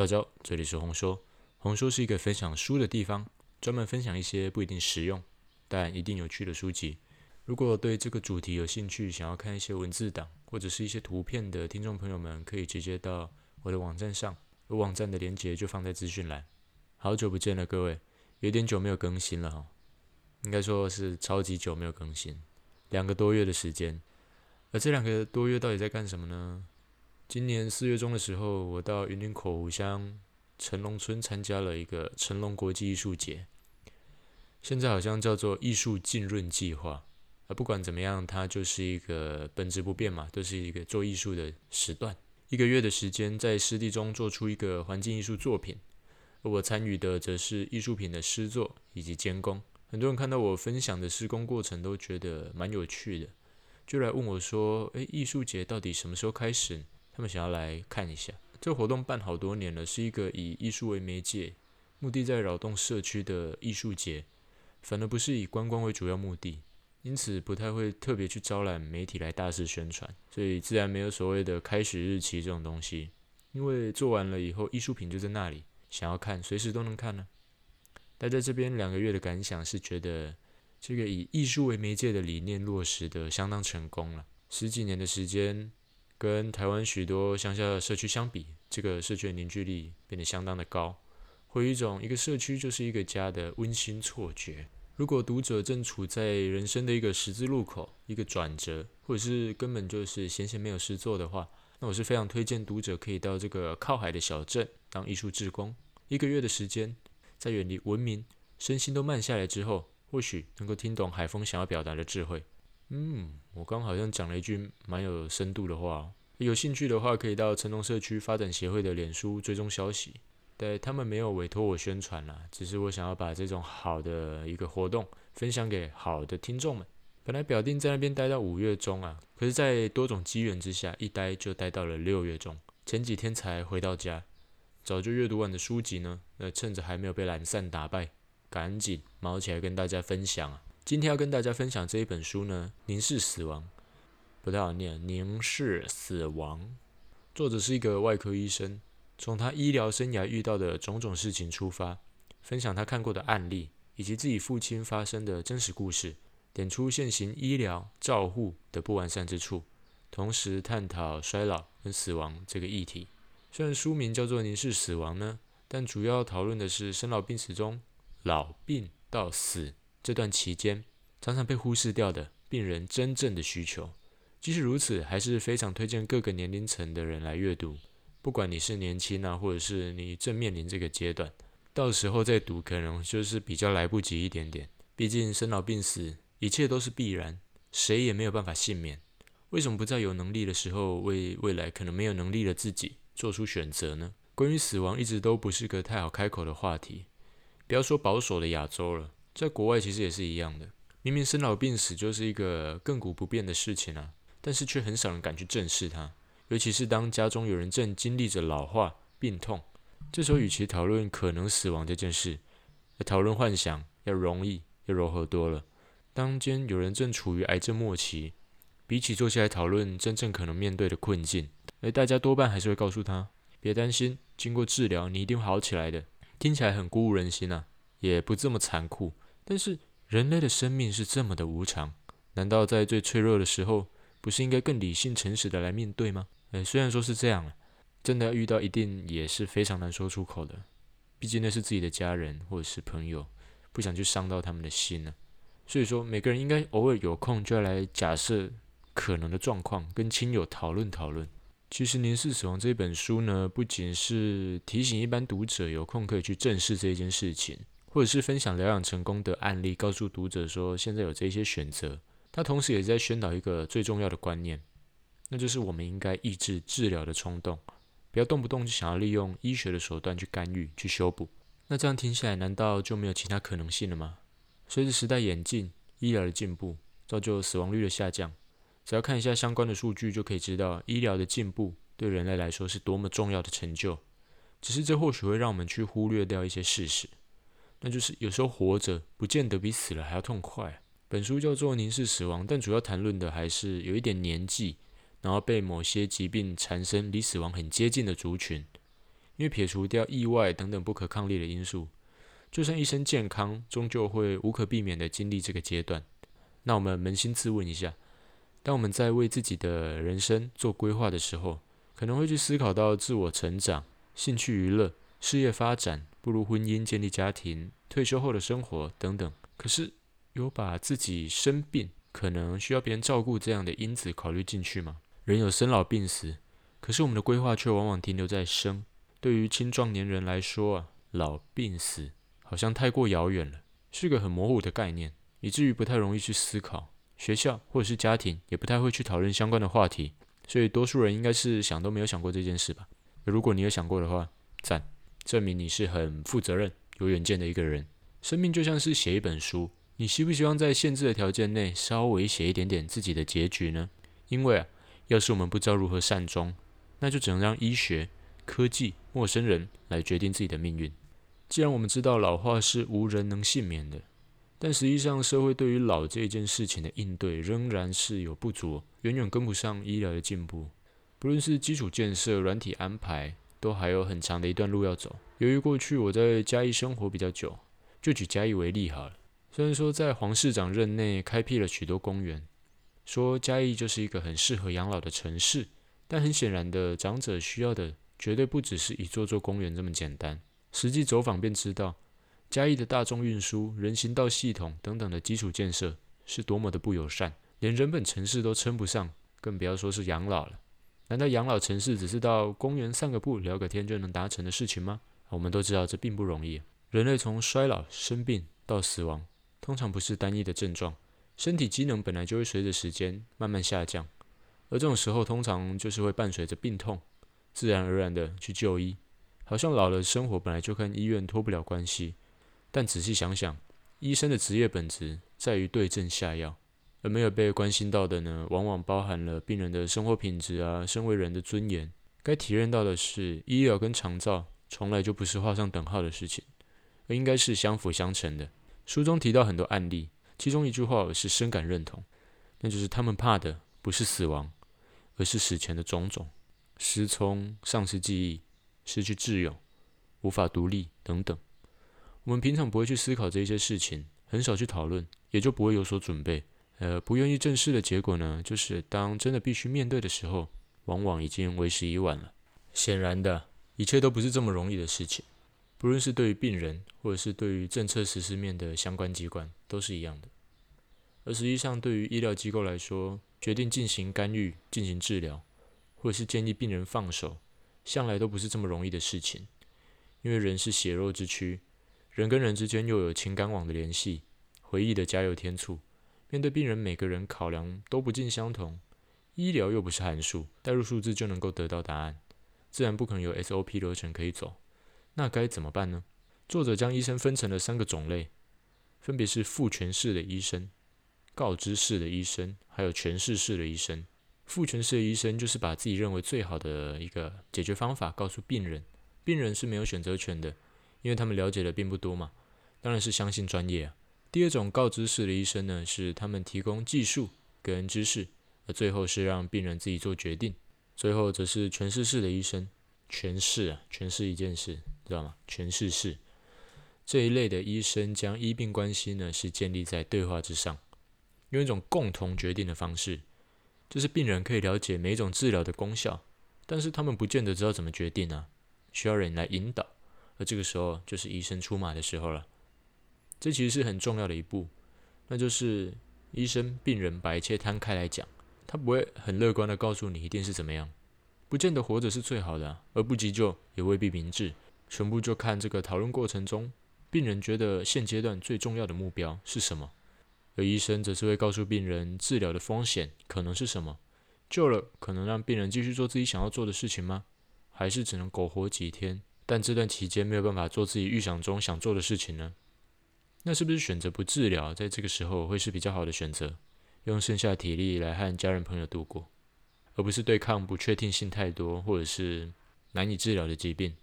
大家好，這裡是紅說。紅說是一個分享書的地方，專門分享一些不一定實用，但一定有趣的書籍。如果對這個主題有興趣，想要看一些文字檔或者是一些圖片的聽眾朋友們，可以直接到我的網站上，有網站的鏈接就放在資訊欄。好久不見了，各位，有點久沒有更新了哈、哦，應該說是超級久沒有更新，兩個多月的時間。而這兩個多月到底在幹什麼呢？今年四月中的時候，我到雲林口湖鄉成龍村參加了一個成龍國際藝術節。現在好像叫做藝術浸潤計劃，不管怎麼樣，它就是一個本質不變嘛，都是一個做藝術的時段，一個月的時間在濕地中做出一個環境藝術作品。而我參與的則是藝術品的施作以及監工。很多人看到我分享的施工過程都覺得蠻有趣的，就來問我說：“誒，藝術節到底什麼時候開始？”他們想要來看一下，這個、活動辦好多年了，是一個以藝術為媒介，目的在擾動社區的藝術節，反而不是以觀光為主要目的，因此不太會特別去招攬媒體來大肆宣傳，所以自然沒有所謂的開始日期這種東西，因為做完了以後，藝術品就在那裡，想要看隨時都能看呢、啊。待在這邊兩個月的感想是覺得，這個以藝術為媒介的理念落實得相當成功了，十幾年的時間。跟台灣許多鄉下的社區相比，這個社區的凝聚力變得相當的高，會有一種一個社區就是一個家的溫馨錯覺。如果讀者正處在人生的一個十字路口，一個轉折，或者是根本就是閒閒沒有事做的話，那我是非常推薦讀者可以到這個靠海的小鎮當藝術志工，一個月的時間，在遠離文明、身心都慢下來之後，或許能夠聽懂海風想要表達的智慧。嗯，我剛好像講了一句蠻有深度的話哦。有興趣的話，可以到成龍社區發展協會的臉書追蹤消息，但他們沒有委托我宣傳啦，啊，只是我想要把這種好的一個活動分享給好的聽眾們。本來表定在那邊待到五月中啊，可是，在多種機緣之下，一待就待到了六月中，前幾天才回到家。早就閱讀完的書籍呢，那趁着還沒有被懶散打敗，趕緊忙起來跟大家分享啊。今天要跟大家分享這一本書呢，《凝視死亡》，不太好念，《凝視死亡》作者是一個外科醫生，從他醫療生涯遇到的種種事情出發，分享他看過的案例，以及自己父親發生的真實故事，點出現行醫療照護的不完善之處，同時探討衰老跟死亡這個議題。雖然書名叫做《凝視死亡》呢，但主要要討論的是生老病死中老病到死，這段期間常常被忽視掉的病人真正的需求，即使如此，還是非常推薦各個年齡層的人來閱讀。不管你是年輕啊，或者是你正面臨這個階段，到時候再讀可能就是比較來不及一點點。畢竟生老病死，一切都是必然，誰也沒有辦法幸免。為什麼不在有能力的時候，為未來可能沒有能力的自己做出選擇呢？關於死亡，一直都不是個太好開口的話題。不要說保守的亞洲了。在國外其實也是一樣的，明明生老病死就是一個亙古不變的事情啊，但是卻很少人敢去正視它。尤其是當家中有人正經歷着老化、病痛，這時候與其討論可能死亡這件事，要討論幻想要容易要柔和多了。當間有人正處於癌症末期，比起坐下來討論真正可能面對的困境，而大家多半還是會告訴他：“別擔心，經過治療你一定會好起來的。”聽起來很鼓舞人心啊，也不這麼殘酷。但是人類的生命是這麼的無常，難道在最脆弱的時候，不是應該更理性、誠實的來面對嗎？哎、欸，雖然說是這樣了，真的要遇到一定也是非常難說出口的，畢竟那是自己的家人或者是朋友，不想去傷到他們的心呢、啊。所以說，每個人應該偶爾有空就要來假設可能的狀況，跟親友討論討論。其實《凝視死亡》這本書呢，不僅是提醒一般讀者有空可以去正視這一件事情。或者是分享療養成功的案例，告訴讀者說現在有這些選擇。他同時也是在宣導一個最重要的觀念，那就是我們應該抑制治療的衝動，不要動不動就想要利用醫學的手段去干預、去修補。那這樣聽起來，難道就沒有其他可能性了嗎？隨着時代演進，醫療的進步造就死亡率的下降。只要看一下相關的數據，就可以知道醫療的進步對人類來說是多麼重要的成就。只是這或許會讓我們去忽略掉一些事實。那就是有時候活着不見得比死了還要痛快啊。本書叫做《凝視死亡》，但主要談論的還是有一點年紀，然後被某些疾病纏身、離死亡很接近的族群。因為撇除掉意外等等不可抗力的因素，就算一生健康，終究會無可避免的經歷這個階段。那我們捫心自問一下：當我們在為自己的人生做規劃的時候，可能會去思考到自我成長、興趣娛樂。事業發展，步入婚姻，建立家庭，退休後的生活等等。可是有把自己生病可能需要別人照顧這樣的因子考慮進去嗎？人有生老病死，可是我們的規劃卻往往停留在生。對於青壯年人來說啊，老病死好像太過遙遠了，是個很模糊的概念，以至於不太容易去思考。學校或者是家庭也不太會去討論相關的話題，所以多數人應該是想都沒有想過這件事吧。如果你有想過的話，贊。證明你是很負責任、有遠見的一個人。生命就像是寫一本書，你希不希望在限制的條件內稍微寫一點點自己的結局呢？因為啊，要是我們不知道如何善終，那就只能讓醫學、科技、陌生人來決定自己的命運。既然我們知道老化是無人能幸免的，但實際上社會對於老這一件事情的應對仍然是有不足，遠遠跟不上醫療的進步。不論是基礎建設、軟體安排，都還有很長的一段路要走。由於過去我在嘉義生活比較久，就舉嘉義為例好了。雖然說在黃市長任內開闢了許多公園，說嘉義就是一個很適合養老的城市，但很顯然的，長者需要的絕對不只是一座座公園這麼簡單。實際走訪便知道，嘉義的大眾運輸、人行道系統等等的基礎建設是多麼的不友善，連人本城市都稱不上，更不要說是養老了。難道養老城市只是到公園散個步、聊個天就能達成的事情嗎？我們都知道這並不容易啊。人類從衰老、生病到死亡，通常不是單一的症狀，身體機能本來就會隨着時間慢慢下降，而這種時候通常就是會伴隨着病痛，自然而然的去就醫。好像老了生活本來就跟醫院脫不了關係，但仔細想想，醫生的職業本質在於對症下藥。而沒有被關心到的呢，往往包含了病人的生活品質啊，身為人的尊嚴。該體認到的是，醫療跟長照從來就不是畫上等號的事情，而應該是相輔相成的。書中提到很多案例，其中一句話我是深感認同，那就是他們怕的不是死亡，而是死前的種種：失聰、喪失記憶、失去摯友、無法獨立等等。我們平常不會去思考這些事情，很少去討論，也就不會有所準備。呃，不願意正視的結果呢，就是當真的必須面對的時候，往往已經為時已晚了。顯然的，一切都不是這麼容易的事情，不論是對於病人，或者是對於政策實施面的相關機關，都是一樣的。而實際上，對於醫療機構來說，決定進行干預、進行治療，或者是建議病人放手，向來都不是這麼容易的事情，因為人是血肉之軀，人跟人之間又有情感網的聯繫，回憶的加油添醋。面對病人，每個人考量，都不盡相同，醫療又不是函數，代入數字就能夠得到答案，自然不可能有 SOP 流程，可以走。那該怎麼辦呢？作者將醫生分成了三個種類，分別是父權式的醫生、告知式的醫生，還有詮釋式的醫生。父權式的醫生就是把自己認為最好的一個解決方法告訴病人，病人是沒有選擇權的，因為他們了解的並不多嘛，當然是相信專業啊。第二種告知式的醫生呢，是他們提供技術跟知識，而最後是讓病人自己做決定。最後則是詮釋式的醫生，詮釋啊，詮釋一件事，知道嗎？詮釋式這一類的醫生，將醫病關係呢是建立在對話之上，用一種共同決定的方式，就是病人可以了解每一種治療的功效，但是他們不見得知道怎麼決定啊，需要人來引導，而這個時候就是醫生出馬的時候了。這其實是很重要的一步，那就是醫生、病人把一切攤開來講，他不會很樂觀地告訴你一定是怎麼樣，不見得活着是最好的，而不急救也未必明智，全部就看這個討論過程中，病人覺得現階段最重要的目標是什麼，而醫生則是會告訴病人治療的風險可能是什麼？救了可能讓病人繼續做自己想要做的事情嗎？還是只能苟活幾天，但這段期間沒有辦法做自己預想中想做的事情呢？那是不是選擇不治療，在這個時候會是比較好的選擇？用剩下的體力來和家人朋友度過，而不是對抗不確定性太多或者是難以治療的疾病。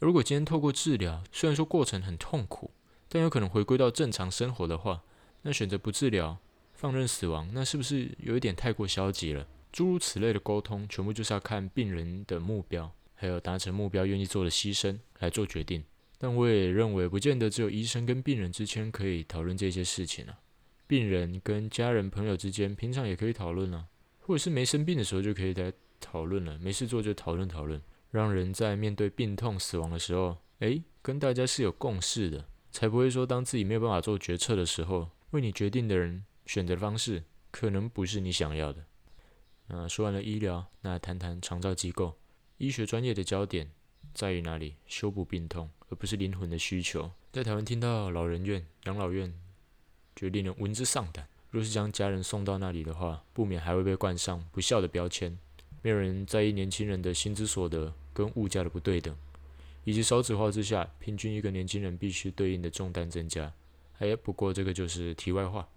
而如果今天透過治療，雖然說過程很痛苦，但有可能回歸到正常生活的話，那選擇不治療，放任死亡，那是不是有一點太過消極了？諸如此類的溝通，全部就是要看病人的目標，還有達成目標願意做的犧牲，來做決定。但我也認為，不見得只有醫生跟病人之間可以討論這些事情啊。病人跟家人、朋友之間，平常也可以討論啊。或者是沒生病的時候就可以來討論了，沒事做就討論討論，讓人在面對病痛、死亡的時候，哎、欸，跟大家是有共識的，才不會說當自己沒有辦法做決策的時候，為你決定的人選擇的方式可能不是你想要的。嗯，說完了醫療，那談談長照機構。醫學專業的焦點在於哪裡？修補病痛。而不是靈魂的需求。在台灣聽到老人院、養老院，就令人聞之喪膽。若是將家人送到那裡的話，不免還會被冠上不孝的標籤。沒有人在意年輕人的薪資所得跟物價的不對等，以及少子化之下，平均一個年輕人必須對應的重擔增加。哎，不過這個就是題外話。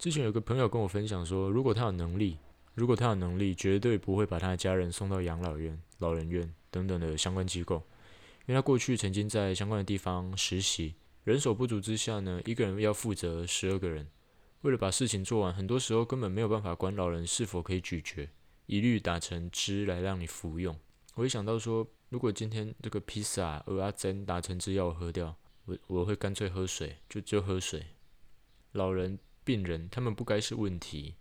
之前有個朋友跟我分享說，如果他有能力，如果他有能力，絕對不會把他的家人送到養老院、老人院等等的相關機構。因為他過去曾經在相關的地方實習，人手不足之下呢，一個人要負責十二個人。為了把事情做完，很多時候根本沒有辦法管老人是否可以咀嚼，一律打成汁來讓你服用。我一想到說，如果今天這個披薩、蚵仔煎打成汁要我喝掉，我我會乾脆喝水，就就喝水。老人、病人，他們不該是問題，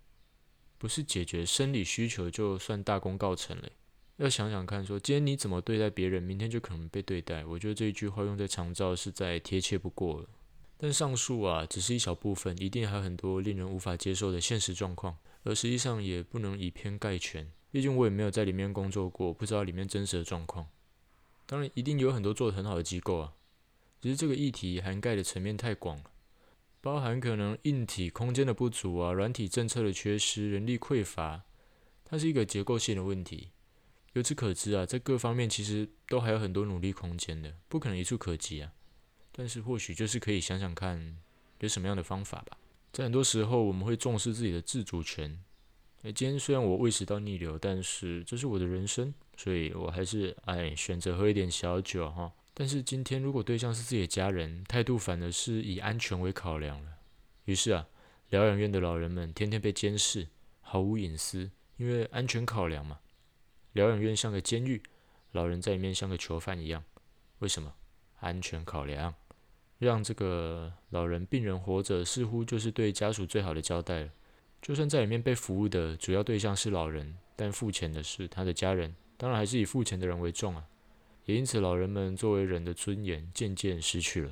不是解決生理需求就算大功告成了。要想想看說，說今天你怎麼對待別人，明天就可能被對待。我覺得這一句話用在長照是再貼切不過了。但上述啊，只是一小部分，一定還有很多令人無法接受的現實狀況，而實際上也不能以偏概全。畢竟我也沒有在裡面工作過，不知道裡面真實的狀況。當然，一定有很多做得很好的機構啊，只是這個議題涵蓋的層面太廣了，包含可能硬體空間的不足啊、軟體政策的缺失、人力匱乏，它是一個結構性的問題。由此可知啊，在各方面其實都還有很多努力空間的，不可能一蹴可幾啊。但是或許就是可以想想看，有什麼樣的方法吧。在很多時候，我們會重視自己的自主權。誒今天雖然我胃食道逆流，但是這是我的人生，所以我還是哎選擇喝一點小酒哈、哦。但是今天如果對象是自己的家人，態度反而是以安全為考量了。於是啊，療養院的老人們天天被監視，毫無隱私，因為安全考量嘛。療養院像個監獄，老人在裡面像個囚犯一樣。為什麼？安全考量，讓這個老人病人活着，似乎就是對家屬最好的交代了。就算在裡面被服務的主要對象是老人，但付錢的是他的家人，當然還是以付錢的人為重啊。也因此，老人們作為人的尊嚴漸漸失去了。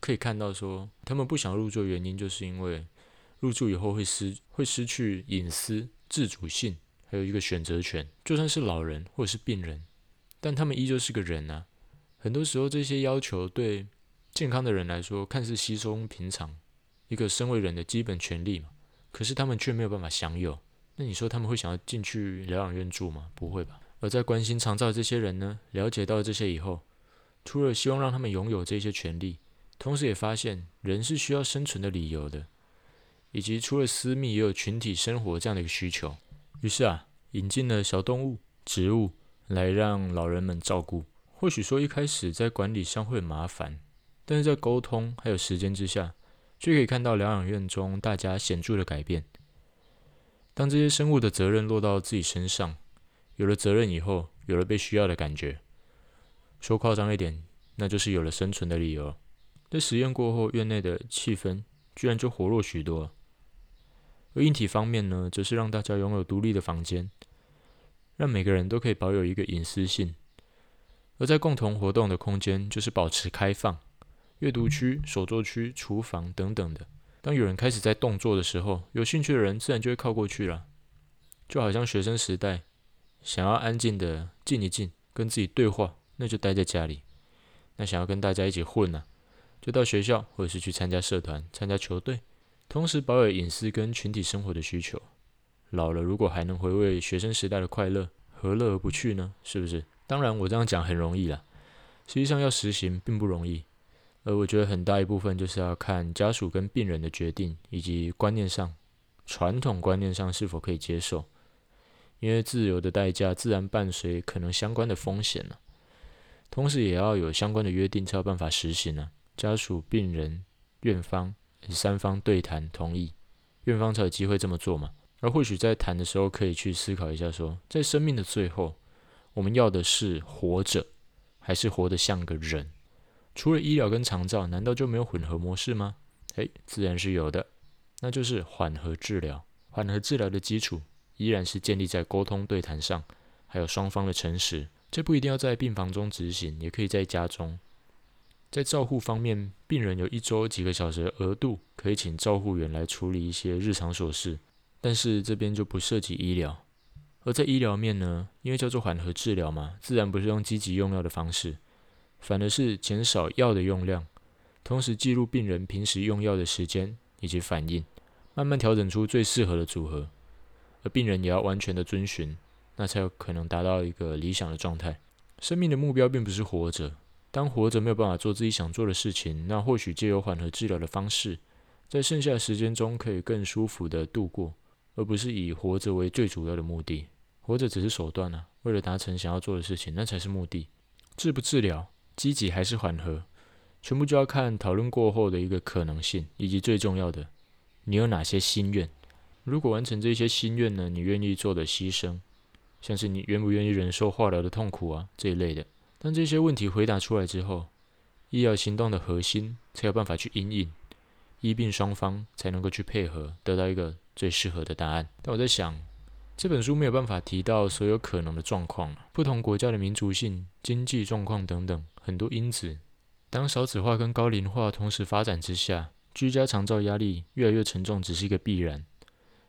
可以看到說，說他們不想入住的原因，就是因為入住以後會失會失去隱私、自主性。還有一個選擇權，就算是老人或者是病人，但他們依舊是個人啊。很多時候，這些要求對健康的人來說看似稀鬆平常，一個身為人的基本權利嘛。可是他們卻沒有辦法享有。那你說他們會想要進去療養院住嗎？不會吧。而在關心長照的這些人呢，了解到了這些以後，除了希望讓他們擁有這些權利，同時也發現人是需要生存的理由的，以及除了私密，也有群體生活這樣的一個需求。於是啊，引進了小動物、植物來讓老人們照顧。或許說一開始在管理上會很麻煩，但是在溝通還有時間之下，卻可以看到療養院中大家顯著的改變。當這些生物的責任落到自己身上，有了責任以後，有了被需要的感覺。說誇張一點，那就是有了生存的理由。在實驗過後，院內的氣氛，居然就活絡許多。而硬體方面呢，則是讓大家擁有獨立的房間，讓每個人都可以保有一個隱私性；而在共同活動的空間，就是保持開放，閱讀區、手作區、廚房等等的。當有人開始在動作的時候，有興趣的人自然就會靠過去了。就好像學生時代，想要安靜的靜一靜，跟自己對話，那就待在家裡；那想要跟大家一起混呢、啊，就到學校或者是去參加社團、參加球隊。同時，保有隱私跟群體生活的需求。老了，如果還能回味學生時代的快樂，何樂而不去呢？是不是？當然，我這樣講很容易啦。實際上，要實行並不容易。而我覺得很大一部分就是要看家屬跟病人的決定，以及觀念上、傳統觀念上是否可以接受。因為自由的代價，自然伴隨可能相關的風險了、啊。同時，也要有相關的約定，才有辦法實行呢、啊。家屬、病人、院方。三方對談同意，院方才有機會這麼做嘛。而或許在談的時候，可以去思考一下說在生命的最後，我們要的是活着，還是活得像個人？除了醫療跟長照，難道就沒有混合模式嗎？誒，自然是有的，那就是緩和治療。緩和治療的基礎依然是建立在溝通對談上，還有雙方的誠實。這不一定要在病房中執行，也可以在家中。在照護方面，病人有一周幾個小時的額度，可以請照護員來處理一些日常瑣事。但是這邊就不涉及醫療。而在醫療面呢，因為叫做緩和治療嘛，自然不是用積極用藥的方式，反而是減少藥的用量，同時記錄病人平時用藥的時間以及反應，慢慢調整出最適合的組合。而病人也要完全的遵循，那才有可能達到一個理想的狀態。生命的目標並不是活着。當活着沒有辦法做自己想做的事情，那或許借由緩和治療的方式，在剩下的時間中可以更舒服的度過，而不是以活着為最主要的目的。活着只是手段啊，為了達成想要做的事情，那才是目的。治不治療，積極還是緩和，全部就要看討論過後的一個可能性，以及最重要的，你有哪些心願？如果完成這些心願呢，你願意做的犧牲，像是你願不願意忍受化療的痛苦啊這一類的。當這些問題回答出來之後，醫療行動的核心才有辦法去因應，醫病雙方才能夠去配合，得到一個最適合的答案。但我在想，這本書沒有辦法提到所有可能的狀況，不同國家的民族性、經濟狀況等等很多因子。當少子化跟高齡化同時發展之下，居家長照壓力越來越沉重，只是一個必然。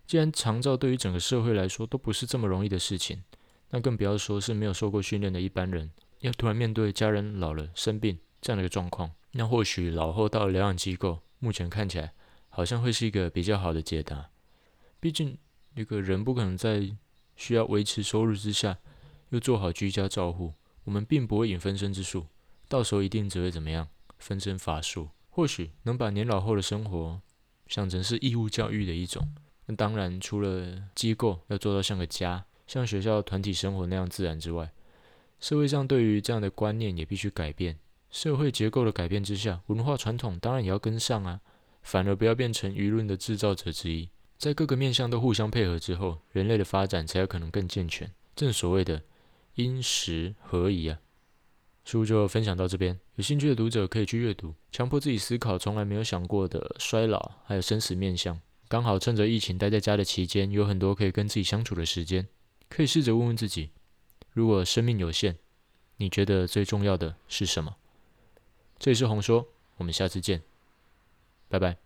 既然長照對於整個社會來說都不是這麼容易的事情，那更不要說是沒有受過訓練的一般人。.要突然面對家人老了生病這樣的一個狀況，那或許老後到療養機構，目前看起來好像會是一個比較好的解答。畢竟一個人不可能在需要維持收入之下，又做好居家照護。我們並不會引分身之術，到時候一定只會怎麼樣，分身乏術。或許能把年老後的生活想成是義務教育的一種。那當然，除了機構要做到像個家，像學校團體生活那樣自然之外。社會上對於這樣的觀念也必須改變。社會結構的改變之下，文化傳統當然也要跟上啊。反而不要變成輿論的製造者之一。在各個面向都互相配合之後，人類的發展才有可能更健全。正所謂的因時合宜啊。書就分享到這邊，有興趣的讀者可以去閱讀，強迫自己思考從來沒有想過的衰老，還有生死面向。剛好趁着疫情待在家的期間，有很多可以跟自己相處的時間，可以試着問問自己。如果生命有限，你覺得最重要的是什麼？這裡是紅說，我們下次見，拜拜。